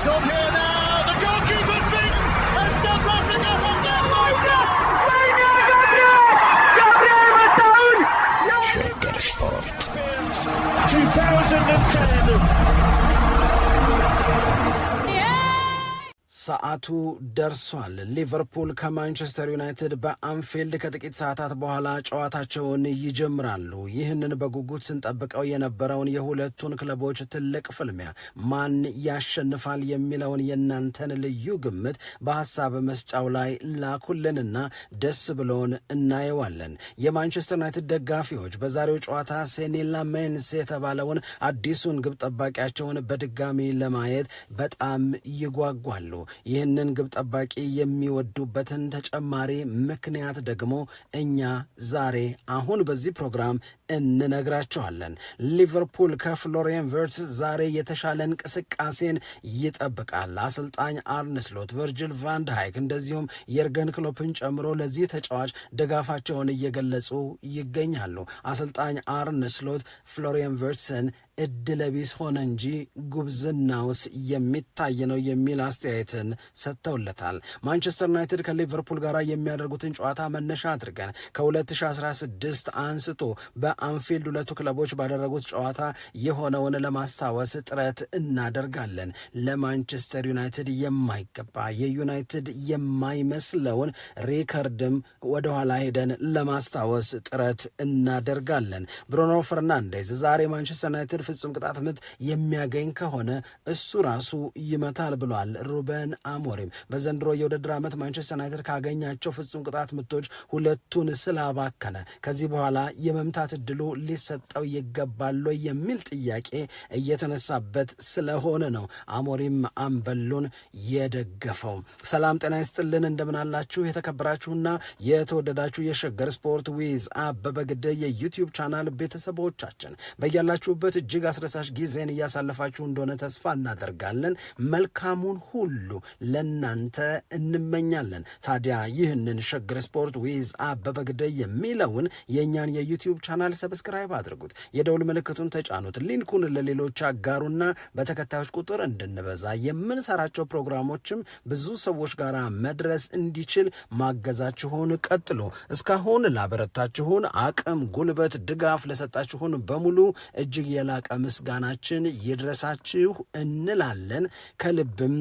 It's on here. ሰዓቱ ደርሷል። ሊቨርፑል ከማንቸስተር ዩናይትድ በአንፊልድ ከጥቂት ሰዓታት በኋላ ጨዋታቸውን ይጀምራሉ። ይህንን በጉጉት ስንጠብቀው የነበረውን የሁለቱን ክለቦች ትልቅ ፍልሚያ ማን ያሸንፋል የሚለውን የእናንተን ልዩ ግምት በሐሳብ መስጫው ላይ ላኩልንና ደስ ብሎን እናየዋለን። የማንቸስተር ዩናይትድ ደጋፊዎች በዛሬው ጨዋታ ሴኔላ ሜንስ የተባለውን አዲሱን ግብ ጠባቂያቸውን በድጋሚ ለማየት በጣም ይጓጓሉ። ይህንን ግብ ጠባቂ የሚወዱበትን ተጨማሪ ምክንያት ደግሞ እኛ ዛሬ አሁን በዚህ ፕሮግራም እንነግራችኋለን። ሊቨርፑል ከፍሎሪየን ቨርትስ ዛሬ የተሻለ እንቅስቃሴን ይጠብቃል። አሰልጣኝ አርነ ስሎት፣ ቨርጅል ቫንድ ሃይክ እንደዚሁም የርገን ክሎፕን ጨምሮ ለዚህ ተጫዋች ድጋፋቸውን እየገለጹ ይገኛሉ። አሰልጣኝ አርነ ስሎት ፍሎሪየን እድለቢስ ሆነ እንጂ ጉብዝናውስ የሚታይ ነው የሚል አስተያየትን ሰጥተውለታል። ማንቸስተር ዩናይትድ ከሊቨርፑል ጋር የሚያደርጉትን ጨዋታ መነሻ አድርገን ከ2016 አንስቶ በአንፊልድ ሁለቱ ክለቦች ባደረጉት ጨዋታ የሆነውን ለማስታወስ ጥረት እናደርጋለን። ለማንቸስተር ዩናይትድ የማይገባ የዩናይትድ የማይመስለውን ሪከርድም ወደኋላ ሄደን ለማስታወስ ጥረት እናደርጋለን። ብሩኖ ፈርናንዴዝ ዛሬ ማንቸስተር ዩናይትድ የፍጹም ቅጣት ምት የሚያገኝ ከሆነ እሱ ራሱ ይመታል ብሏል ሩበን አሞሪም። በዘንድሮ የውድድር ዓመት ማንቸስተር ዩናይትድ ካገኛቸው ፍጹም ቅጣት ምቶች ሁለቱን ስላባከነ ከዚህ በኋላ የመምታት እድሉ ሊሰጠው ይገባል የሚል ጥያቄ እየተነሳበት ስለሆነ ነው አሞሪም አምበሉን የደገፈው። ሰላም ጤና ይስጥልን፣ እንደምናላችሁ የተከበራችሁና የተወደዳችሁ የሸገር ስፖርት ዊዝ አበበ ግደይ የዩቲዩብ ቻናል ቤተሰቦቻችን በያላችሁበት እጅግ እጅግ አስደሳች ጊዜን እያሳለፋችሁ እንደሆነ ተስፋ እናደርጋለን። መልካሙን ሁሉ ለእናንተ እንመኛለን። ታዲያ ይህንን ሸግር ስፖርት ዊዝ አበበ ግደይ የሚለውን የእኛን የዩቲዩብ ቻናል ሰብስክራይብ አድርጉት፣ የደውል ምልክቱን ተጫኑት፣ ሊንኩን ለሌሎች አጋሩና በተከታዮች ቁጥር እንድንበዛ የምንሰራቸው ፕሮግራሞችም ብዙ ሰዎች ጋር መድረስ እንዲችል ማገዛችሁን ቀጥሉ። እስካሁን ላበረታችሁን አቅም፣ ጉልበት፣ ድጋፍ ለሰጣችሁን በሙሉ እጅግ የላ የላቀ ምስጋናችን ይድረሳችሁ እንላለን ከልብም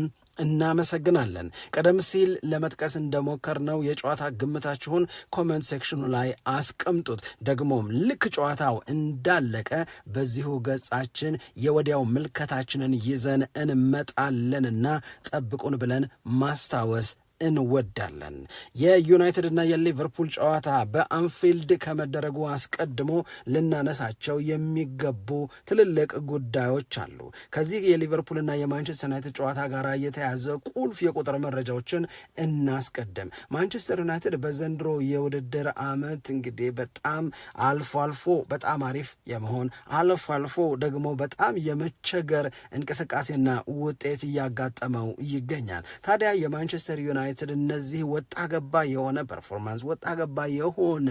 እናመሰግናለን። ቀደም ሲል ለመጥቀስ እንደሞከርነው የጨዋታ ግምታችሁን ኮመንት ሴክሽኑ ላይ አስቀምጡት። ደግሞም ልክ ጨዋታው እንዳለቀ በዚሁ ገጻችን የወዲያው ምልከታችንን ይዘን እንመጣለንና ጠብቁን ብለን ማስታወስ እንወዳለን። የዩናይትድ እና የሊቨርፑል ጨዋታ በአንፊልድ ከመደረጉ አስቀድሞ ልናነሳቸው የሚገቡ ትልልቅ ጉዳዮች አሉ። ከዚህ የሊቨርፑልና የማንቸስተር ዩናይትድ ጨዋታ ጋር የተያዘ ቁልፍ የቁጥር መረጃዎችን እናስቀድም። ማንቸስተር ዩናይትድ በዘንድሮ የውድድር ዓመት እንግዲህ በጣም አልፎ አልፎ በጣም አሪፍ የመሆን አልፎ አልፎ ደግሞ በጣም የመቸገር እንቅስቃሴና ውጤት እያጋጠመው ይገኛል። ታዲያ የማንቸስተር ዩናይትድ ዩናይትድ እነዚህ ወጣ ገባ የሆነ ፐርፎርማንስ፣ ወጣ ገባ የሆነ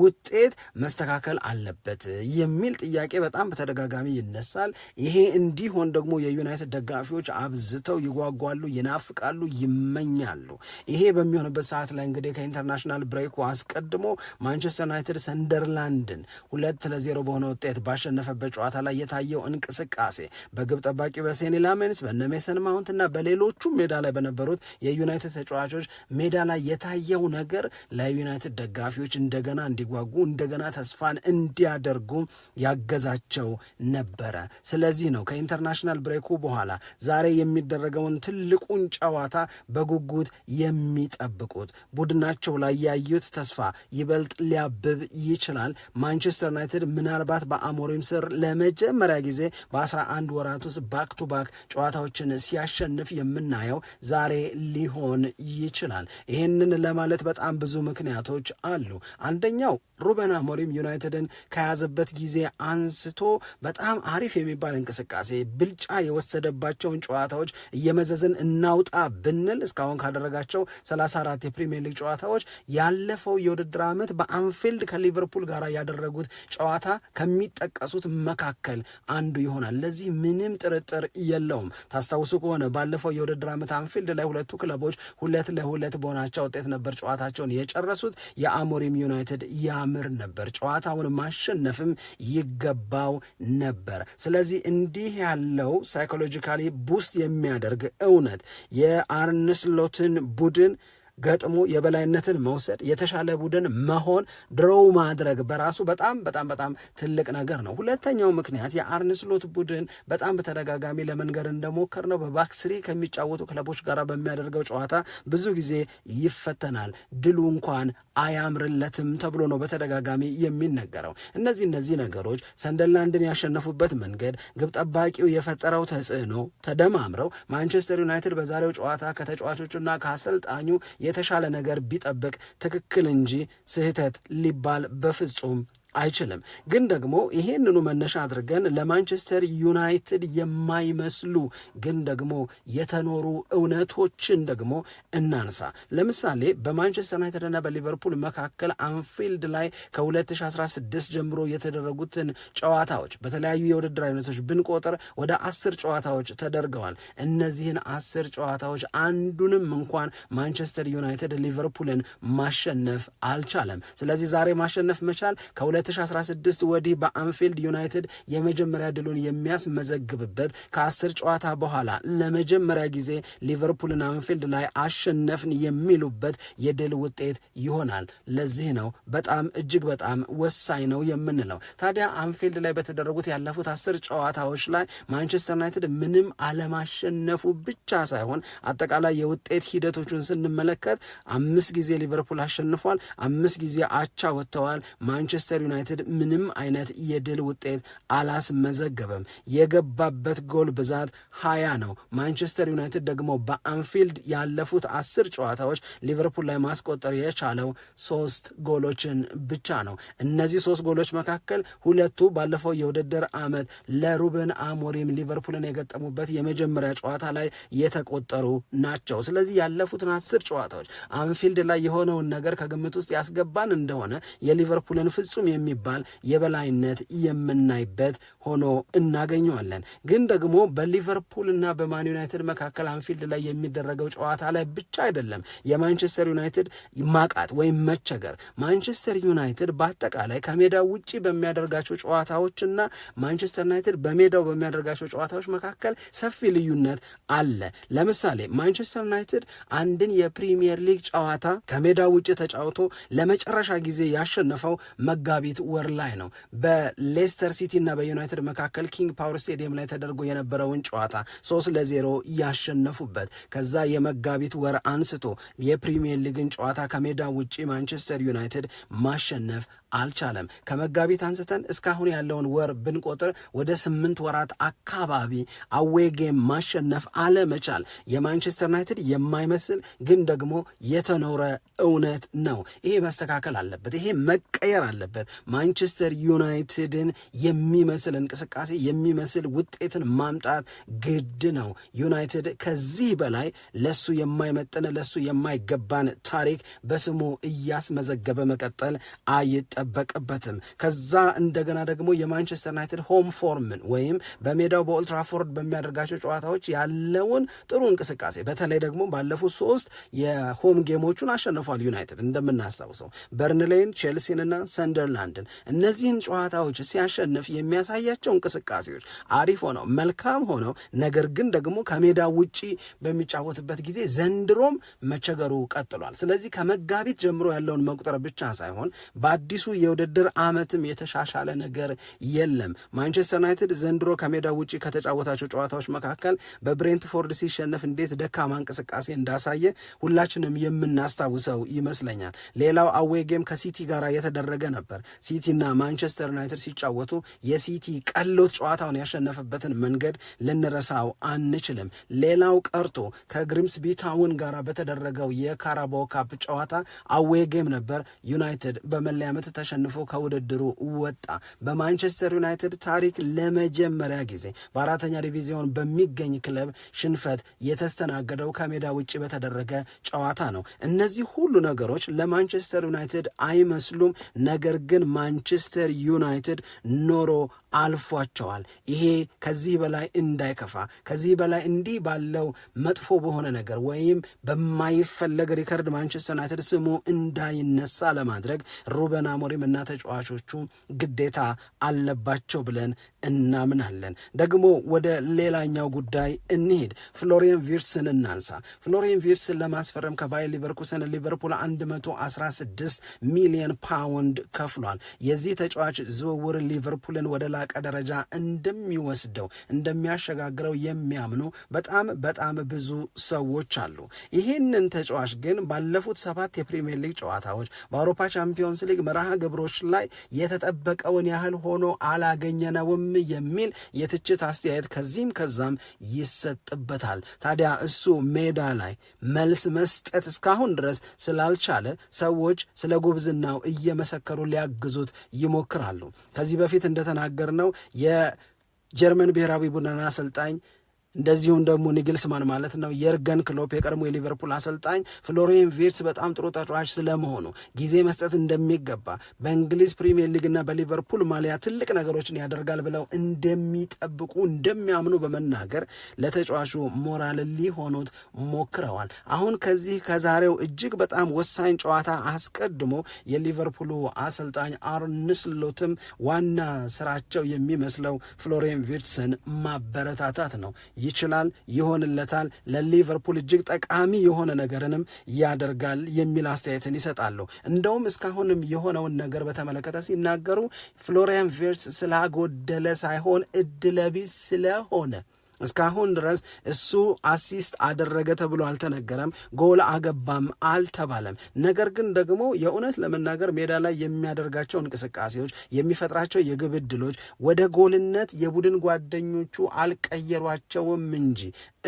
ውጤት መስተካከል አለበት የሚል ጥያቄ በጣም በተደጋጋሚ ይነሳል። ይሄ እንዲሆን ደግሞ የዩናይትድ ደጋፊዎች አብዝተው ይጓጓሉ፣ ይናፍቃሉ፣ ይመኛሉ። ይሄ በሚሆንበት ሰዓት ላይ እንግዲህ ከኢንተርናሽናል ብሬኩ አስቀድሞ ማንቸስተር ዩናይትድ ሰንደርላንድን ሁለት ለዜሮ በሆነ ውጤት ባሸነፈበት ጨዋታ ላይ የታየው እንቅስቃሴ በግብ ጠባቂ በሴኒ ላሜንስ በነ ማውንት እና በሌሎቹም ሜዳ ላይ በነበሩት የዩናይትድ ተጫዋቾች ሜዳ ላይ የታየው ነገር ለዩናይትድ ደጋፊዎች እንደገና እንዲጓጉ እንደገና ተስፋን እንዲያደርጉ ያገዛቸው ነበረ። ስለዚህ ነው ከኢንተርናሽናል ብሬኩ በኋላ ዛሬ የሚደረገውን ትልቁን ጨዋታ በጉጉት የሚጠብቁት። ቡድናቸው ላይ ያዩት ተስፋ ይበልጥ ሊያብብ ይችላል። ማንቸስተር ዩናይትድ ምናልባት በአሞሪም ስር ለመጀመሪያ ጊዜ በአስራ አንድ ወራት ውስጥ ባክ ቱ ባክ ጨዋታዎችን ሲያሸንፍ የምናየው ዛሬ ሊሆን ይችላል። ይህንን ለማለት በጣም ብዙ ምክንያቶች አሉ። አንደኛው ሩበን አሞሪም ዩናይትድን ከያዘበት ጊዜ አንስቶ በጣም አሪፍ የሚባል እንቅስቃሴ ብልጫ የወሰደባቸውን ጨዋታዎች እየመዘዝን እናውጣ ብንል እስካሁን ካደረጋቸው 34 የፕሪሚየር ሊግ ጨዋታዎች ያለፈው የውድድር ዓመት በአንፊልድ ከሊቨርፑል ጋር ያደረጉት ጨዋታ ከሚጠቀሱት መካከል አንዱ ይሆናል። ለዚህ ምንም ጥርጥር የለውም። ታስታውሱ ከሆነ ባለፈው የውድድር ዓመት አንፊልድ ላይ ሁለቱ ክለቦች ሁለት ለሁለት በሆናቸው ውጤት ነበር ጨዋታቸውን የጨረሱት። የአሞሪም ዩናይትድ ያምር ነበር፣ ጨዋታውን ማሸነፍም ይገባው ነበር። ስለዚህ እንዲህ ያለው ሳይኮሎጂካሊ ቡስት የሚያደርግ እውነት የአርንስሎትን ቡድን ገጥሞ የበላይነትን መውሰድ የተሻለ ቡድን መሆን ድሮው ማድረግ በራሱ በጣም በጣም በጣም ትልቅ ነገር ነው። ሁለተኛው ምክንያት የአርነ ስሎት ቡድን በጣም በተደጋጋሚ ለመንገድ እንደሞከር ነው በባክስሪ ከሚጫወቱ ክለቦች ጋር በሚያደርገው ጨዋታ ብዙ ጊዜ ይፈተናል። ድሉ እንኳን አያምርለትም ተብሎ ነው በተደጋጋሚ የሚነገረው። እነዚህ እነዚህ ነገሮች ሰንደርላንድን ያሸነፉበት መንገድ፣ ግብ ጠባቂው የፈጠረው ተጽዕኖ ተደማምረው ማንቸስተር ዩናይትድ በዛሬው ጨዋታ ከተጫዋቾቹና ከአሰልጣኙ የተሻለ ነገር ቢጠብቅ ትክክል እንጂ ስህተት ሊባል በፍጹም አይችልም። ግን ደግሞ ይሄንኑ መነሻ አድርገን ለማንቸስተር ዩናይትድ የማይመስሉ ግን ደግሞ የተኖሩ እውነቶችን ደግሞ እናንሳ። ለምሳሌ በማንቸስተር እና በሊቨርፑል መካከል አንፊልድ ላይ ከ2016 ጀምሮ የተደረጉትን ጨዋታዎች በተለያዩ የውድድር አይነቶች ብንቆጥር ወደ አስር ጨዋታዎች ተደርገዋል። እነዚህን አስር ጨዋታዎች አንዱንም እንኳን ማንቸስተር ዩናይትድ ሊቨርፑልን ማሸነፍ አልቻለም። ስለዚህ ዛሬ ማሸነፍ መቻል ከሁለ 2016 ወዲህ በአንፊልድ ዩናይትድ የመጀመሪያ ድሉን የሚያስመዘግብበት ከአስር ጨዋታ በኋላ ለመጀመሪያ ጊዜ ሊቨርፑልን አንፊልድ ላይ አሸነፍን የሚሉበት የድል ውጤት ይሆናል። ለዚህ ነው በጣም እጅግ በጣም ወሳኝ ነው የምንለው። ታዲያ አንፊልድ ላይ በተደረጉት ያለፉት አስር ጨዋታዎች ላይ ማንቸስተር ዩናይትድ ምንም አለማሸነፉ ብቻ ሳይሆን አጠቃላይ የውጤት ሂደቶቹን ስንመለከት አምስት ጊዜ ሊቨርፑል አሸንፏል፣ አምስት ጊዜ አቻ ወጥተዋል። ማንቸስተር ዩናይትድ ዩናይትድ ምንም አይነት የድል ውጤት አላስመዘገበም። የገባበት ጎል ብዛት ሀያ ነው። ማንቸስተር ዩናይትድ ደግሞ በአንፊልድ ያለፉት አስር ጨዋታዎች ሊቨርፑል ላይ ማስቆጠር የቻለው ሶስት ጎሎችን ብቻ ነው። እነዚህ ሶስት ጎሎች መካከል ሁለቱ ባለፈው የውድድር ዓመት ለሩበን አሞሪም ሊቨርፑልን የገጠሙበት የመጀመሪያ ጨዋታ ላይ የተቆጠሩ ናቸው። ስለዚህ ያለፉትን አስር ጨዋታዎች አንፊልድ ላይ የሆነውን ነገር ከግምት ውስጥ ያስገባን እንደሆነ የሊቨርፑልን ፍጹም የሚ የሚባል የበላይነት የምናይበት ሆኖ እናገኘዋለን። ግን ደግሞ በሊቨርፑል እና በማን ዩናይትድ መካከል አንፊልድ ላይ የሚደረገው ጨዋታ ላይ ብቻ አይደለም የማንቸስተር ዩናይትድ ማቃት ወይም መቸገር። ማንቸስተር ዩናይትድ በአጠቃላይ ከሜዳ ውጭ በሚያደርጋቸው ጨዋታዎች እና ማንቸስተር ዩናይትድ በሜዳው በሚያደርጋቸው ጨዋታዎች መካከል ሰፊ ልዩነት አለ። ለምሳሌ ማንቸስተር ዩናይትድ አንድን የፕሪሚየር ሊግ ጨዋታ ከሜዳ ውጭ ተጫውቶ ለመጨረሻ ጊዜ ያሸነፈው መጋቢ መጋቢት ወር ላይ ነው በሌስተር ሲቲ እና በዩናይትድ መካከል ኪንግ ፓወር ስቴዲየም ላይ ተደርጎ የነበረውን ጨዋታ ሶስት ለዜሮ ያሸነፉበት። ከዛ የመጋቢት ወር አንስቶ የፕሪሚየር ሊግን ጨዋታ ከሜዳ ውጭ ማንቸስተር ዩናይትድ ማሸነፍ አልቻለም። ከመጋቢት አንስተን እስካሁን ያለውን ወር ብንቆጥር ወደ ስምንት ወራት አካባቢ ጌም ማሸነፍ አለመቻል የማንቸስተር ዩናይትድ የማይመስል ግን ደግሞ የተኖረ እውነት ነው። ይሄ መስተካከል አለበት። ይሄ መቀየር አለበት። ማንቸስተር ዩናይትድን የሚመስል እንቅስቃሴ የሚመስል ውጤትን ማምጣት ግድ ነው። ዩናይትድ ከዚህ በላይ ለሱ የማይመጥን ለሱ የማይገባን ታሪክ በስሙ እያስመዘገበ መቀጠል አይጠ አይጠበቅበትም። ከዛ እንደገና ደግሞ የማንቸስተር ዩናይትድ ሆም ፎርምን ወይም በሜዳው በኦልትራፎርድ በሚያደርጋቸው ጨዋታዎች ያለውን ጥሩ እንቅስቃሴ በተለይ ደግሞ ባለፉት ሶስት የሆም ጌሞቹን አሸንፏል ዩናይትድ እንደምናስታውሰው በርንሌይን፣ ቼልሲንና ሰንደርላንድን እነዚህን ጨዋታዎች ሲያሸንፍ የሚያሳያቸው እንቅስቃሴዎች አሪፍ ሆነው መልካም ሆነው ነገር ግን ደግሞ ከሜዳ ውጪ በሚጫወትበት ጊዜ ዘንድሮም መቸገሩ ቀጥሏል። ስለዚህ ከመጋቢት ጀምሮ ያለውን መቁጠር ብቻ ሳይሆን በአዲሱ በአዲሱ የውድድር ዓመትም የተሻሻለ ነገር የለም። ማንቸስተር ዩናይትድ ዘንድሮ ከሜዳ ውጭ ከተጫወታቸው ጨዋታዎች መካከል በብሬንትፎርድ ሲሸነፍ እንዴት ደካማ እንቅስቃሴ እንዳሳየ ሁላችንም የምናስታውሰው ይመስለኛል። ሌላው አዌ ጌም ከሲቲ ጋር የተደረገ ነበር። ሲቲና ማንቸስተር ዩናይትድ ሲጫወቱ የሲቲ ቀሎት ጨዋታውን ያሸነፈበትን መንገድ ልንረሳው አንችልም። ሌላው ቀርቶ ከግሪምስቢ ታውን ጋር በተደረገው የካራባኦ ካፕ ጨዋታ አዌ ጌም ነበር። ዩናይትድ በመለያ ምት ተሸንፎ ከውድድሩ ወጣ። በማንቸስተር ዩናይትድ ታሪክ ለመጀመሪያ ጊዜ በአራተኛ ዲቪዚዮን በሚገኝ ክለብ ሽንፈት የተስተናገደው ከሜዳ ውጭ በተደረገ ጨዋታ ነው። እነዚህ ሁሉ ነገሮች ለማንቸስተር ዩናይትድ አይመስሉም። ነገር ግን ማንቸስተር ዩናይትድ ኖሮ አልፏቸዋል። ይሄ ከዚህ በላይ እንዳይከፋ ከዚህ በላይ እንዲህ ባለው መጥፎ በሆነ ነገር ወይም በማይፈለግ ሪከርድ ማንቸስተር ዩናይትድ ስሙ እንዳይነሳ ለማድረግ ሩበን አሞሪም እና ተጫዋቾቹ ግዴታ አለባቸው ብለን እናምናለን። ደግሞ ወደ ሌላኛው ጉዳይ እንሄድ። ፍሎሪየን ቪርትስን እናንሳ። ፍሎሪየን ቪርትስን ለማስፈረም ከባየር ሊቨርኩሰን ሊቨርፑል 116 ሚሊዮን ፓውንድ ከፍሏል። የዚህ ተጫዋች ዝውውር ሊቨርፑልን ወደ ላ የላቀ ደረጃ እንደሚወስደው እንደሚያሸጋግረው የሚያምኑ በጣም በጣም ብዙ ሰዎች አሉ። ይህንን ተጫዋች ግን ባለፉት ሰባት የፕሪሚየር ሊግ ጨዋታዎች በአውሮፓ ቻምፒዮንስ ሊግ መርሃ ግብሮች ላይ የተጠበቀውን ያህል ሆኖ አላገኘነውም የሚል የትችት አስተያየት ከዚህም ከዛም ይሰጥበታል። ታዲያ እሱ ሜዳ ላይ መልስ መስጠት እስካሁን ድረስ ስላልቻለ ሰዎች ስለ ጉብዝናው እየመሰከሩ ሊያግዙት ይሞክራሉ። ከዚህ በፊት እንደተናገር ነው የጀርመን ብሔራዊ ቡድን አሰልጣኝ እንደዚሁም ደግሞ ኒግልስማን ማለት ነው የርገን ክሎፕ የቀድሞ የሊቨርፑል አሰልጣኝ ፍሎሪን ቪርትስ በጣም ጥሩ ተጫዋች ስለመሆኑ ጊዜ መስጠት እንደሚገባ በእንግሊዝ ፕሪሚየር ሊግና በሊቨርፑል ማሊያ ትልቅ ነገሮችን ያደርጋል ብለው እንደሚጠብቁ እንደሚያምኑ በመናገር ለተጫዋቹ ሞራል ሊሆኑት ሞክረዋል። አሁን ከዚህ ከዛሬው እጅግ በጣም ወሳኝ ጨዋታ አስቀድሞ የሊቨርፑሉ አሰልጣኝ አርነ ስሎትም ዋና ስራቸው የሚመስለው ፍሎሪን ቪርትስን ማበረታታት ነው። ይችላል፣ ይሆንለታል፣ ለሊቨርፑል እጅግ ጠቃሚ የሆነ ነገርንም ያደርጋል የሚል አስተያየትን ይሰጣሉ። እንደውም እስካሁንም የሆነውን ነገር በተመለከተ ሲናገሩ ፍሎሪያን ቬርትስ ስላጎደለ ሳይሆን እድለቢስ ስለሆነ እስካሁን ድረስ እሱ አሲስት አደረገ ተብሎ አልተነገረም፣ ጎል አገባም አልተባለም። ነገር ግን ደግሞ የእውነት ለመናገር ሜዳ ላይ የሚያደርጋቸው እንቅስቃሴዎች፣ የሚፈጥራቸው የግብ ዕድሎች ወደ ጎልነት የቡድን ጓደኞቹ አልቀየሯቸውም እንጂ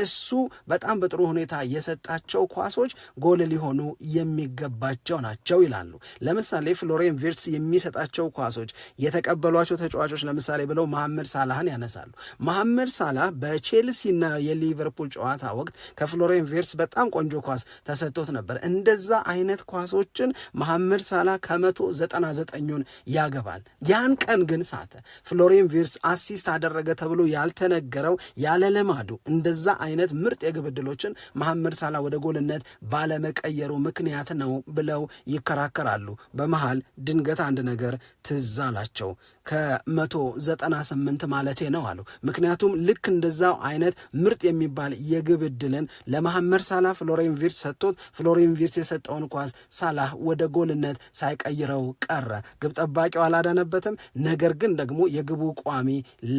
እሱ በጣም በጥሩ ሁኔታ የሰጣቸው ኳሶች ጎል ሊሆኑ የሚገባቸው ናቸው ይላሉ። ለምሳሌ ፍሎሬን ቪርትስ የሚሰጣቸው ኳሶች የተቀበሏቸው ተጫዋቾች ለምሳሌ ብለው መሐመድ ሳላህን ያነሳሉ። መሐመድ ሳላህ በ በቼልሲና የሊቨርፑል ጨዋታ ወቅት ከፍሎሬን ቬርስ በጣም ቆንጆ ኳስ ተሰጥቶት ነበር። እንደዛ አይነት ኳሶችን መሐመድ ሳላ ከመቶ ዘጠና ዘጠኙን ያገባል። ያን ቀን ግን ሳተ። ፍሎሬን ቬርስ አሲስት አደረገ ተብሎ ያልተነገረው ያለ ለማዱ እንደዛ አይነት ምርጥ የግብ ዕድሎችን መሐመድ ሳላ ወደ ጎልነት ባለመቀየሩ ምክንያት ነው ብለው ይከራከራሉ። በመሃል ድንገት አንድ ነገር ትዝ አላቸው። ከመቶ ዘጠና ስምንት ማለቴ ነው አሉ። ምክንያቱም ልክ እንደዛው አይነት ምርጥ የሚባል የግብ እድልን ለመሐመድ ሳላ ፍሎሪን ቪርትስ ሰጥቶት ፍሎሪን የሰጠውን ኳስ ሳላህ ወደ ጎልነት ሳይቀይረው ቀረ። ግብ ጠባቂው አላዳነበትም፣ ነገር ግን ደግሞ የግቡ ቋሚ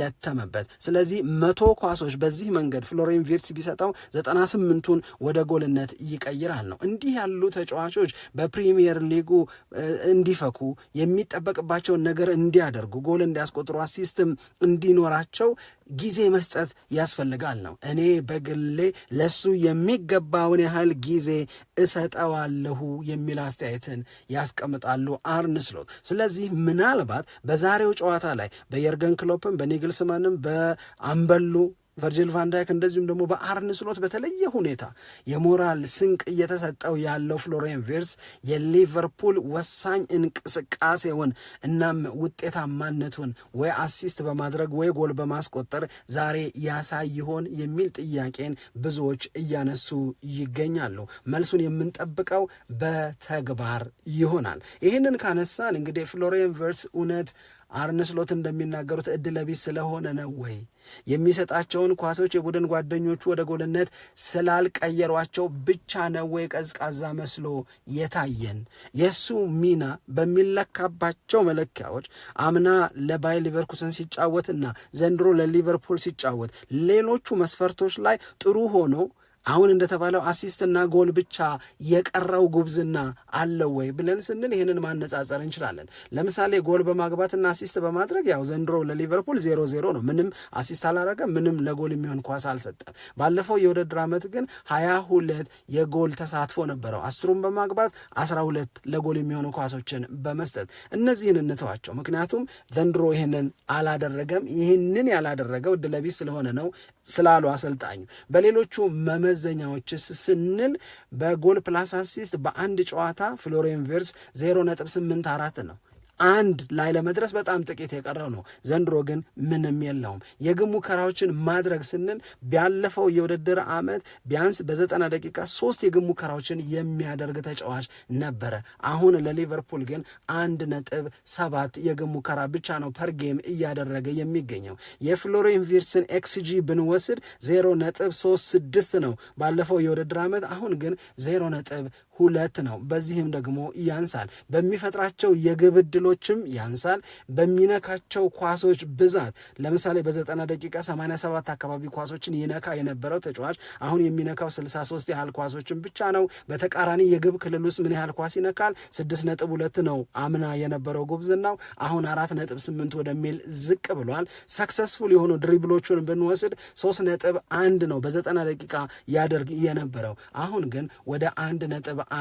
ለተመበት። ስለዚህ መቶ ኳሶች በዚህ መንገድ ፍሎሪን ቪርትስ ቢሰጠው ዘጠና ስምንቱን ወደ ጎልነት ይቀይራል ነው። እንዲህ ያሉ ተጫዋቾች በፕሪሚየር ሊጉ እንዲፈኩ የሚጠበቅባቸውን ነገር እንዲያደርጉ እንዲያደርጉ ጎል እንዲያስቆጥሩ አሲስትም እንዲኖራቸው ጊዜ መስጠት ያስፈልጋል ነው። እኔ በግሌ ለሱ የሚገባውን ያህል ጊዜ እሰጠዋለሁ የሚል አስተያየትን ያስቀምጣሉ አርነ ስሎት። ስለዚህ ምናልባት በዛሬው ጨዋታ ላይ በየርገን ክሎፕም በኒግልስማንም በአምበሉ ቨርጅል ቫንዳይክ እንደዚሁም ደግሞ በአርን ስሎት በተለየ ሁኔታ የሞራል ስንቅ እየተሰጠው ያለው ፍሎሬን ቬርስ የሊቨርፑል ወሳኝ እንቅስቃሴውን እናም ውጤታማነቱን ወይ አሲስት በማድረግ ወይ ጎል በማስቆጠር ዛሬ ያሳይ ይሆን የሚል ጥያቄን ብዙዎች እያነሱ ይገኛሉ። መልሱን የምንጠብቀው በተግባር ይሆናል። ይህንን ካነሳን እንግዲህ ፍሎሬን ቪርትዝ እውነት አርንስሎት ስሎት እንደሚናገሩት እድለቢስ ስለሆነ ነው ወይ? የሚሰጣቸውን ኳሶች የቡድን ጓደኞቹ ወደ ጎልነት ስላልቀየሯቸው ብቻ ነው ወይ ቀዝቃዛ መስሎ የታየን? የእሱ ሚና በሚለካባቸው መለኪያዎች አምና ለባይ ሊቨርኩሰን ሲጫወትና ዘንድሮ ለሊቨርፑል ሲጫወት ሌሎቹ መስፈርቶች ላይ ጥሩ ሆኖ አሁን እንደተባለው አሲስትና ጎል ብቻ የቀረው ጉብዝና አለው ወይ ብለን ስንል ይህንን ማነጻጸር እንችላለን። ለምሳሌ ጎል በማግባትና አሲስት በማድረግ ያው ዘንድሮ ለሊቨርፑል ዜሮ ዜሮ ነው። ምንም አሲስት አላረገ፣ ምንም ለጎል የሚሆን ኳስ አልሰጠም። ባለፈው የውድድር ዓመት ግን ሀያ ሁለት የጎል ተሳትፎ ነበረው። አስሩን በማግባት አስራ ሁለት ለጎል የሚሆኑ ኳሶችን በመስጠት እነዚህን እንተዋቸው። ምክንያቱም ዘንድሮ ይህንን አላደረገም። ይህንን ያላደረገው ዕድለቢስ ስለሆነ ነው ስላሉ አሰልጣኙ በሌሎቹ መመዘኛዎች ስንል በጎል ፕላስ አሲስት በአንድ ጨዋታ ፍሎሪን ቪርትዝ 0.84 ነው። አንድ ላይ ለመድረስ በጣም ጥቂት የቀረው ነው። ዘንድሮ ግን ምንም የለውም። የግብ ሙከራዎችን ማድረግ ስንል ቢያለፈው የውድድር ዓመት ቢያንስ በዘጠና ደቂቃ ሶስት የግብ ሙከራዎችን የሚያደርግ ተጫዋች ነበረ። አሁን ለሊቨርፑል ግን አንድ ነጥብ ሰባት የግብ ሙከራ ብቻ ነው ፐር ጌም እያደረገ የሚገኘው። የፍሎሪን ቪርስን ኤክስጂ ብንወስድ ዜሮ ነጥብ ሶስት ስድስት ነው ባለፈው የውድድር ዓመት፣ አሁን ግን ዜሮ ነጥብ ሁለት ነው። በዚህም ደግሞ ያንሳል። በሚፈጥራቸው የግብ እድሎችም ያንሳል። በሚነካቸው ኳሶች ብዛት ለምሳሌ በዘጠና ደቂቃ 87 አካባቢ ኳሶችን ይነካ የነበረው ተጫዋች አሁን የሚነካው 63 ያህል ኳሶችን ብቻ ነው። በተቃራኒ የግብ ክልል ውስጥ ምን ያህል ኳስ ይነካል? 6.2 ነው አምና የነበረው ጉብዝናው፣ አሁን 4.8 ወደሚል ዝቅ ብሏል። ሰክሰስፉል የሆኑ ድሪብሎቹን ብንወስድ 3.1 ነው በዘጠና ደቂቃ ያደርግ የነበረው አሁን ግን ወደ 1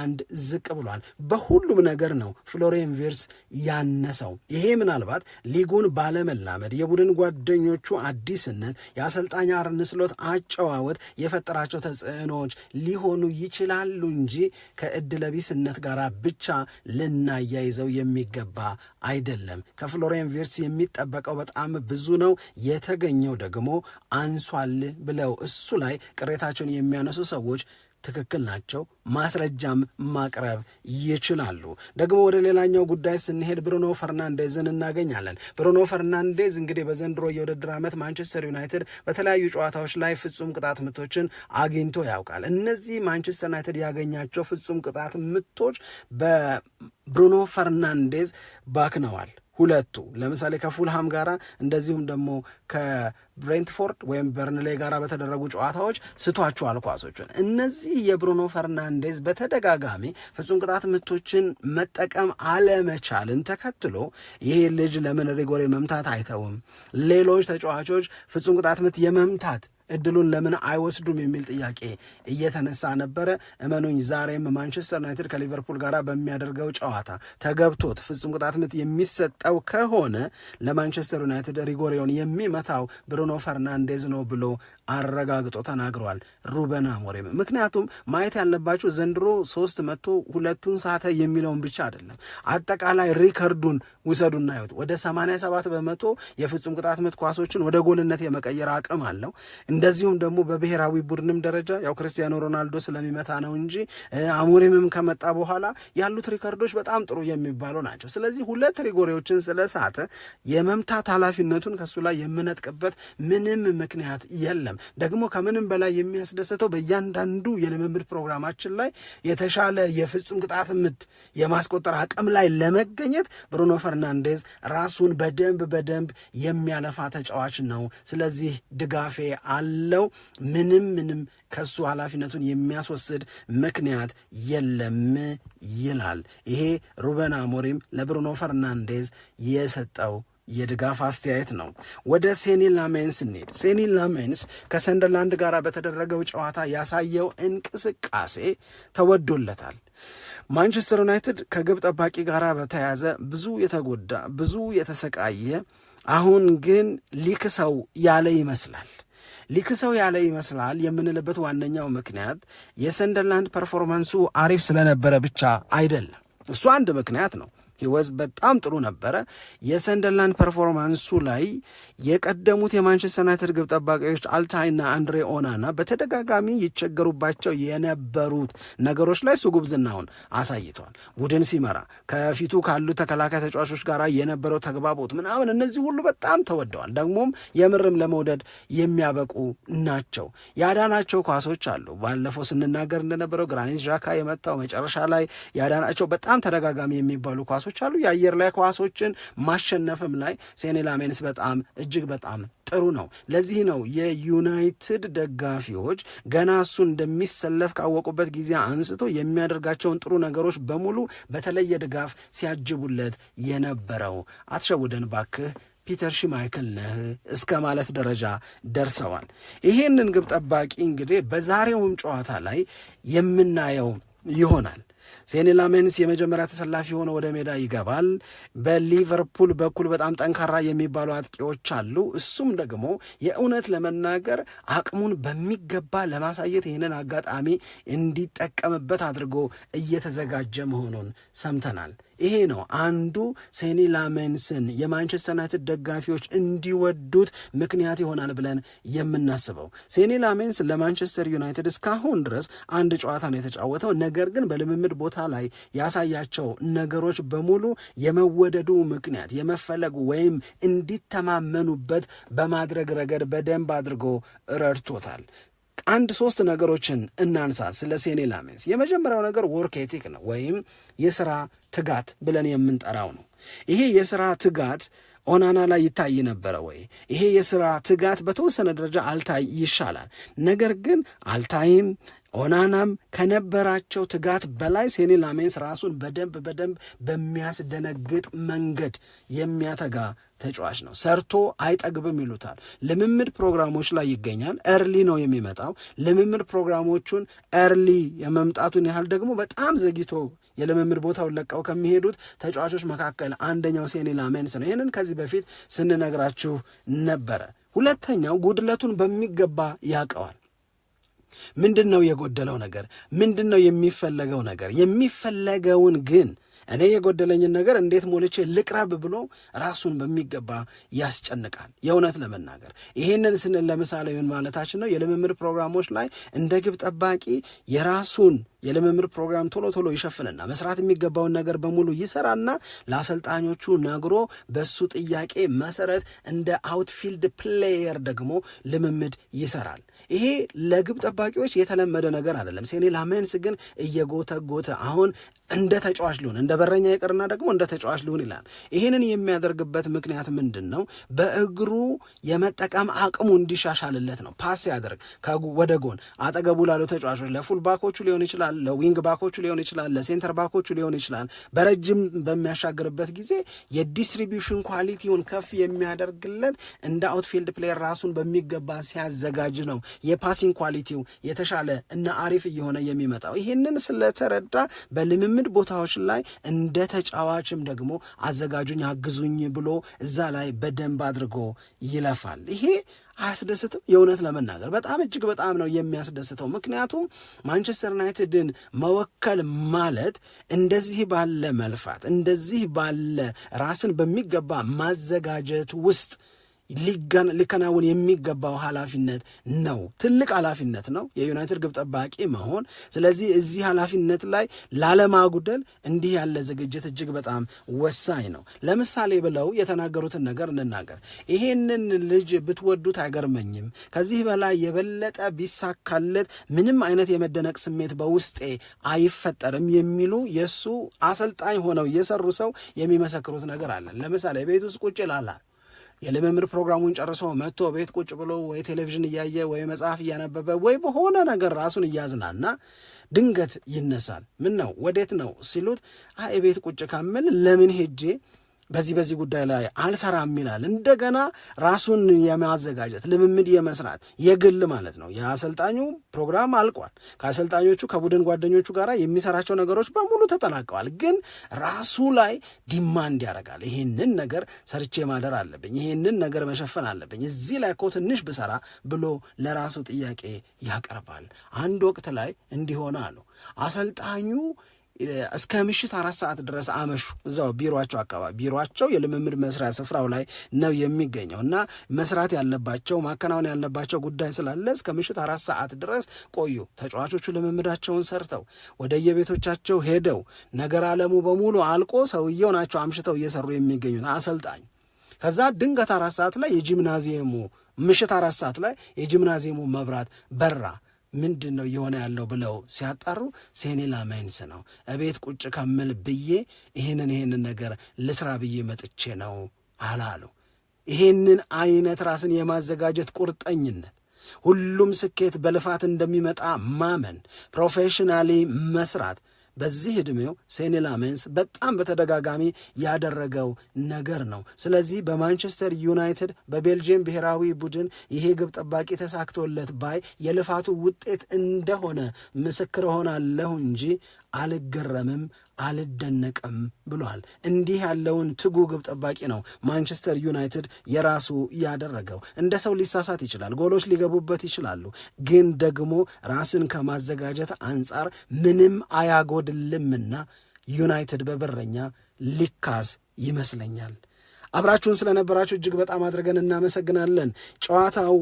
አንድ ዝቅ ብሏል። በሁሉም ነገር ነው ፍሎሬን ቪርትስ ያነሰው። ይሄ ምናልባት ሊጉን ባለመላመድ የቡድን ጓደኞቹ አዲስነት፣ የአሰልጣኝ አርነ ስሎት አጨዋወት የፈጠራቸው ተጽዕኖዎች ሊሆኑ ይችላሉ እንጂ ከእድለቢስነት ጋር ብቻ ልናያይዘው የሚገባ አይደለም። ከፍሎሬን ቪርትስ የሚጠበቀው በጣም ብዙ ነው። የተገኘው ደግሞ አንሷል ብለው እሱ ላይ ቅሬታቸውን የሚያነሱ ሰዎች ትክክል ናቸው። ማስረጃም ማቅረብ ይችላሉ። ደግሞ ወደ ሌላኛው ጉዳይ ስንሄድ ብሩኖ ፈርናንዴዝን እናገኛለን። ብሩኖ ፈርናንዴዝ እንግዲህ በዘንድሮ የውድድር ዓመት ማንቸስተር ዩናይትድ በተለያዩ ጨዋታዎች ላይ ፍጹም ቅጣት ምቶችን አግኝቶ ያውቃል። እነዚህ ማንቸስተር ዩናይትድ ያገኛቸው ፍጹም ቅጣት ምቶች በብሩኖ ፈርናንዴዝ ባክነዋል። ሁለቱ ለምሳሌ ከፉልሃም ጋራ እንደዚሁም ደግሞ ከብሬንትፎርድ ወይም በርንሌ ጋራ በተደረጉ ጨዋታዎች ስቷቸዋል ኳሶችን። እነዚህ የብሩኖ ፈርናንዴዝ በተደጋጋሚ ፍጹም ቅጣት ምቶችን መጠቀም አለመቻልን ተከትሎ ይሄ ልጅ ለምን ሪጎሬ መምታት አይተውም? ሌሎች ተጫዋቾች ፍጹም ቅጣት ምት የመምታት እድሉን ለምን አይወስዱም የሚል ጥያቄ እየተነሳ ነበረ። እመኑኝ ዛሬም ማንቸስተር ዩናይትድ ከሊቨርፑል ጋር በሚያደርገው ጨዋታ ተገብቶት ፍጹም ቅጣት ምት የሚሰጠው ከሆነ ለማንቸስተር ዩናይትድ ሪጎሪዮን የሚመታው ብሩኖ ፈርናንዴዝ ነው ብሎ አረጋግጦ ተናግሯል ሩበን አሞሪም። ምክንያቱም ማየት ያለባቸው ዘንድሮ ሶስት መቶ ሁለቱን ሳተ የሚለውን ብቻ አይደለም፣ አጠቃላይ ሪከርዱን ውሰዱና ይወጡ ወደ 87 በመቶ የፍጹም ቅጣት ምት ኳሶችን ወደ ጎልነት የመቀየር አቅም አለው። እንደዚሁም ደግሞ በብሔራዊ ቡድንም ደረጃ ያው ክርስቲያኖ ሮናልዶ ስለሚመታ ነው እንጂ አሞሪምም ከመጣ በኋላ ያሉት ሪከርዶች በጣም ጥሩ የሚባሉ ናቸው። ስለዚህ ሁለት ሪጎሪዎችን ስለሳተ የመምታት ኃላፊነቱን ከሱ ላይ የምነጥቅበት ምንም ምክንያት የለም። ደግሞ ከምንም በላይ የሚያስደስተው በእያንዳንዱ የልምምድ ፕሮግራማችን ላይ የተሻለ የፍጹም ቅጣት ምት የማስቆጠር አቅም ላይ ለመገኘት ብሩኖ ፈርናንዴዝ ራሱን በደንብ በደንብ የሚያለፋ ተጫዋች ነው። ስለዚህ ድጋፌ አለ ያለው ምንም ምንም ከሱ ኃላፊነቱን የሚያስወስድ ምክንያት የለም ይላል። ይሄ ሩበን አሞሪም ለብሩኖ ፈርናንዴዝ የሰጠው የድጋፍ አስተያየት ነው። ወደ ሴኒ ላሜንስ እንሂድ። ሴኒ ላሜንስ ከሰንደርላንድ ጋር በተደረገው ጨዋታ ያሳየው እንቅስቃሴ ተወዶለታል። ማንቸስተር ዩናይትድ ከግብ ጠባቂ ጋር በተያዘ ብዙ የተጎዳ ብዙ የተሰቃየ አሁን ግን ሊክሰው ያለ ይመስላል። ሊክሰው ያለ ይመስላል የምንልበት ዋነኛው ምክንያት የሰንደርላንድ ፐርፎርማንሱ አሪፍ ስለነበረ ብቻ አይደለም። እሱ አንድ ምክንያት ነው። ሂወዝ በጣም ጥሩ ነበረ። የሰንደርላንድ ፐርፎርማንሱ ላይ የቀደሙት የማንቸስተር ዩናይትድ ግብ ጠባቂዎች አልታይና አንድሬ ኦናና በተደጋጋሚ ይቸገሩባቸው የነበሩት ነገሮች ላይ እሱ ጉብዝናውን አሳይተዋል። ቡድን ሲመራ ከፊቱ ካሉ ተከላካይ ተጫዋቾች ጋር የነበረው ተግባቦት ምናምን፣ እነዚህ ሁሉ በጣም ተወደዋል። ደግሞም የምርም ለመውደድ የሚያበቁ ናቸው። ያዳናቸው ኳሶች አሉ። ባለፈው ስንናገር እንደነበረው ግራኒት ዣካ የመታው መጨረሻ ላይ ያዳናቸው በጣም ተደጋጋሚ የሚባሉ ኳሶች ኳሶች አሉ። የአየር ላይ ኳሶችን ማሸነፍም ላይ ሴኔ ላሜንስ በጣም እጅግ በጣም ጥሩ ነው። ለዚህ ነው የዩናይትድ ደጋፊዎች ገና እሱ እንደሚሰለፍ ካወቁበት ጊዜ አንስቶ የሚያደርጋቸውን ጥሩ ነገሮች በሙሉ በተለየ ድጋፍ ሲያጅቡለት የነበረው። አትሸውደን ባክህ ፒተር ሽማይክል ነህ እስከ ማለት ደረጃ ደርሰዋል። ይሄንን ግብ ጠባቂ እንግዲህ በዛሬውም ጨዋታ ላይ የምናየው ይሆናል። ሴኒ ላሜንስ የመጀመሪያ ተሰላፊ ሆኖ ወደ ሜዳ ይገባል። በሊቨርፑል በኩል በጣም ጠንካራ የሚባሉ አጥቂዎች አሉ። እሱም ደግሞ የእውነት ለመናገር አቅሙን በሚገባ ለማሳየት ይህንን አጋጣሚ እንዲጠቀምበት አድርጎ እየተዘጋጀ መሆኑን ሰምተናል። ይሄ ነው አንዱ ሴኒ ላመንስን የማንቸስተር ዩናይትድ ደጋፊዎች እንዲወዱት ምክንያት ይሆናል ብለን የምናስበው። ሴኒ ላሜንስ ለማንቸስተር ዩናይትድ እስካሁን ድረስ አንድ ጨዋታ ነው የተጫወተው። ነገር ግን በልምምድ ቦታ ላይ ያሳያቸው ነገሮች በሙሉ የመወደዱ ምክንያት የመፈለጉ ወይም እንዲተማመኑበት በማድረግ ረገድ በደንብ አድርጎ ረድቶታል። አንድ ሶስት ነገሮችን እናንሳ ስለ ሴኔ ላሜንስ። የመጀመሪያው ነገር ወርክ ኤቲክ ነው ወይም የስራ ትጋት ብለን የምንጠራው ነው። ይሄ የስራ ትጋት ኦናና ላይ ይታይ ነበረ ወይ? ይሄ የስራ ትጋት በተወሰነ ደረጃ አልታይ ይሻላል። ነገር ግን አልታይም ኦናናም ከነበራቸው ትጋት በላይ ሴኒ ላሜንስ ራሱን በደንብ በደንብ በሚያስደነግጥ መንገድ የሚያተጋ ተጫዋች ነው። ሰርቶ አይጠግብም ይሉታል። ልምምድ ፕሮግራሞች ላይ ይገኛል። ኤርሊ ነው የሚመጣው። ልምምድ ፕሮግራሞቹን ኤርሊ የመምጣቱን ያህል ደግሞ በጣም ዘግይቶ የልምምድ ቦታውን ለቀው ከሚሄዱት ተጫዋቾች መካከል አንደኛው ሴኒ ላሜንስ ነው። ይህንን ከዚህ በፊት ስንነግራችሁ ነበረ። ሁለተኛው ጉድለቱን በሚገባ ያውቀዋል። ምንድን ነው የጎደለው ነገር? ምንድን ነው የሚፈለገው ነገር? የሚፈለገውን ግን እኔ የጎደለኝን ነገር እንዴት ሞልቼ ልቅረብ ብሎ ራሱን በሚገባ ያስጨንቃል። የእውነት ለመናገር ይህንን ስንል ለምሳሌ ምን ማለታችን ነው? የልምምድ ፕሮግራሞች ላይ እንደ ግብ ጠባቂ የራሱን የልምምድ ፕሮግራም ቶሎ ቶሎ ይሸፍንና መስራት የሚገባውን ነገር በሙሉ ይሰራና ለአሰልጣኞቹ ነግሮ በሱ ጥያቄ መሰረት እንደ አውትፊልድ ፕሌየር ደግሞ ልምምድ ይሰራል። ይሄ ለግብ ጠባቂዎች የተለመደ ነገር አይደለም። ሴኔ ላሜንስ ግን እየጎተጎተ አሁን እንደ ተጫዋች ሊሆን እንደ በረኛ ይቅርና ደግሞ እንደ ተጫዋች ሊሆን ይላል። ይህንን የሚያደርግበት ምክንያት ምንድን ነው? በእግሩ የመጠቀም አቅሙ እንዲሻሻልለት ነው። ፓስ ያደርግ ወደ ጎን አጠገቡ ላሉ ተጫዋቾች ለፉልባኮቹ ሊሆን ይችላል ይችላል፣ ለዊንግ ባኮቹ ሊሆን ይችላል፣ ለሴንተር ባኮቹ ሊሆን ይችላል። በረጅም በሚያሻግርበት ጊዜ የዲስትሪቢሽን ኳሊቲውን ከፍ የሚያደርግለት እንደ አውትፊልድ ፕሌየር ራሱን በሚገባ ሲያዘጋጅ ነው የፓሲንግ ኳሊቲው የተሻለ እና አሪፍ እየሆነ የሚመጣው። ይህንን ስለተረዳ በልምምድ ቦታዎች ላይ እንደ ተጫዋችም ደግሞ አዘጋጁኝ፣ አግዙኝ ብሎ እዛ ላይ በደንብ አድርጎ ይለፋል። ይሄ አያስደስትም? የእውነት ለመናገር በጣም እጅግ በጣም ነው የሚያስደስተው። ምክንያቱም ማንቸስተር ዩናይትድን መወከል ማለት እንደዚህ ባለ መልፋት፣ እንደዚህ ባለ ራስን በሚገባ ማዘጋጀት ውስጥ ሊከናወን የሚገባው ኃላፊነት ነው። ትልቅ ኃላፊነት ነው የዩናይትድ ግብ ጠባቂ መሆን። ስለዚህ እዚህ ኃላፊነት ላይ ላለማጉደል እንዲህ ያለ ዝግጅት እጅግ በጣም ወሳኝ ነው። ለምሳሌ ብለው የተናገሩትን ነገር እንናገር። ይሄንን ልጅ ብትወዱት አይገርመኝም። ከዚህ በላይ የበለጠ ቢሳካለት ምንም አይነት የመደነቅ ስሜት በውስጤ አይፈጠርም የሚሉ የእሱ አሰልጣኝ ሆነው የሰሩ ሰው የሚመሰክሩት ነገር አለን። ለምሳሌ ቤት ውስጥ ቁጭ ላላል የልምምድ ፕሮግራሙን ጨርሶ መጥቶ ቤት ቁጭ ብሎ ወይ ቴሌቪዥን እያየ ወይ መጽሐፍ እያነበበ ወይ በሆነ ነገር ራሱን እያዝናና ድንገት ይነሳል። ምን ነው ወዴት ነው ሲሉት፣ አይ ቤት ቁጭ ካምል ለምን ሄጄ በዚህ በዚህ ጉዳይ ላይ አልሰራም ይላል። እንደገና ራሱን የማዘጋጀት ልምምድ የመስራት የግል ማለት ነው። የአሰልጣኙ ፕሮግራም አልቋል። ከአሰልጣኞቹ ከቡድን ጓደኞቹ ጋር የሚሰራቸው ነገሮች በሙሉ ተጠናቀዋል ግን ራሱ ላይ ዲማንድ ያደርጋል። ይህንን ነገር ሰርቼ ማደር አለብኝ፣ ይህንን ነገር መሸፈን አለብኝ፣ እዚህ ላይ እኮ ትንሽ ብሰራ ብሎ ለራሱ ጥያቄ ያቀርባል። አንድ ወቅት ላይ እንዲሆነ አሉ አሰልጣኙ እስከ ምሽት አራት ሰዓት ድረስ አመሹ እዛው ቢሮቸው አካባቢ ቢሮቸው የልምምድ መስሪያ ስፍራው ላይ ነው የሚገኘው እና መስራት ያለባቸው ማከናወን ያለባቸው ጉዳይ ስላለ እስከ ምሽት አራት ሰዓት ድረስ ቆዩ። ተጫዋቾቹ ልምምዳቸውን ሰርተው ወደ የቤቶቻቸው ሄደው ነገር አለሙ በሙሉ አልቆ ሰውየው ናቸው አምሽተው እየሰሩ የሚገኙት አሰልጣኝ ከዛ ድንገት አራት ሰዓት ላይ የጂምናዚየሙ ምሽት አራት ሰዓት ላይ የጂምናዚየሙ መብራት በራ። ምንድን ነው እየሆነ ያለው ብለው ሲያጣሩ ሴኒ ማይንስ ነው። እቤት ቁጭ ከምል ብዬ ይህንን ይህንን ነገር ልስራ ብዬ መጥቼ ነው አላሉ። ይህንን አይነት ራስን የማዘጋጀት ቁርጠኝነት ሁሉም ስኬት በልፋት እንደሚመጣ ማመን፣ ፕሮፌሽናሊ መስራት በዚህ ዕድሜው ሴኒ ላሜንስ በጣም በተደጋጋሚ ያደረገው ነገር ነው። ስለዚህ በማንቸስተር ዩናይትድ በቤልጅየም ብሔራዊ ቡድን ይሄ ግብ ጠባቂ ተሳክቶለት ባይ የልፋቱ ውጤት እንደሆነ ምስክር ሆናለሁ እንጂ አልገረምም አልደነቅም ብሏል። እንዲህ ያለውን ትጉ ግብ ጠባቂ ነው ማንቸስተር ዩናይትድ የራሱ ያደረገው። እንደ ሰው ሊሳሳት ይችላል፣ ጎሎች ሊገቡበት ይችላሉ። ግን ደግሞ ራስን ከማዘጋጀት አንጻር ምንም አያጎድልምና ዩናይትድ በበረኛ ሊካዝ ይመስለኛል። አብራችሁን ስለነበራችሁ እጅግ በጣም አድርገን እናመሰግናለን። ጨዋታው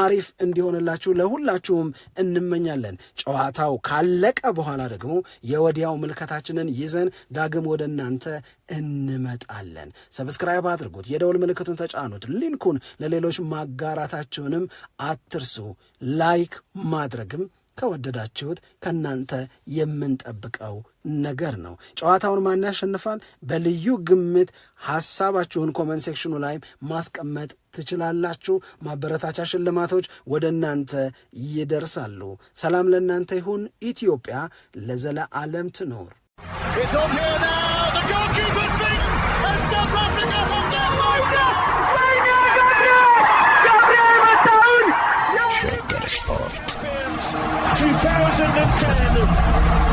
አሪፍ እንዲሆንላችሁ ለሁላችሁም እንመኛለን። ጨዋታው ካለቀ በኋላ ደግሞ የወዲያው ምልከታችንን ይዘን ዳግም ወደ እናንተ እንመጣለን። ሰብስክራይብ አድርጉት፣ የደውል ምልክቱን ተጫኑት፣ ሊንኩን ለሌሎች ማጋራታችሁንም አትርሱ። ላይክ ማድረግም ከወደዳችሁት ከእናንተ የምንጠብቀው ነገር ነው። ጨዋታውን ማን ያሸንፋል? በልዩ ግምት ሐሳባችሁን ኮመንት ሴክሽኑ ላይም ማስቀመጥ ትችላላችሁ። ማበረታቻ ሽልማቶች ወደ እናንተ ይደርሳሉ። ሰላም ለእናንተ ይሁን። ኢትዮጵያ ለዘለዓለም ትኖር። 2010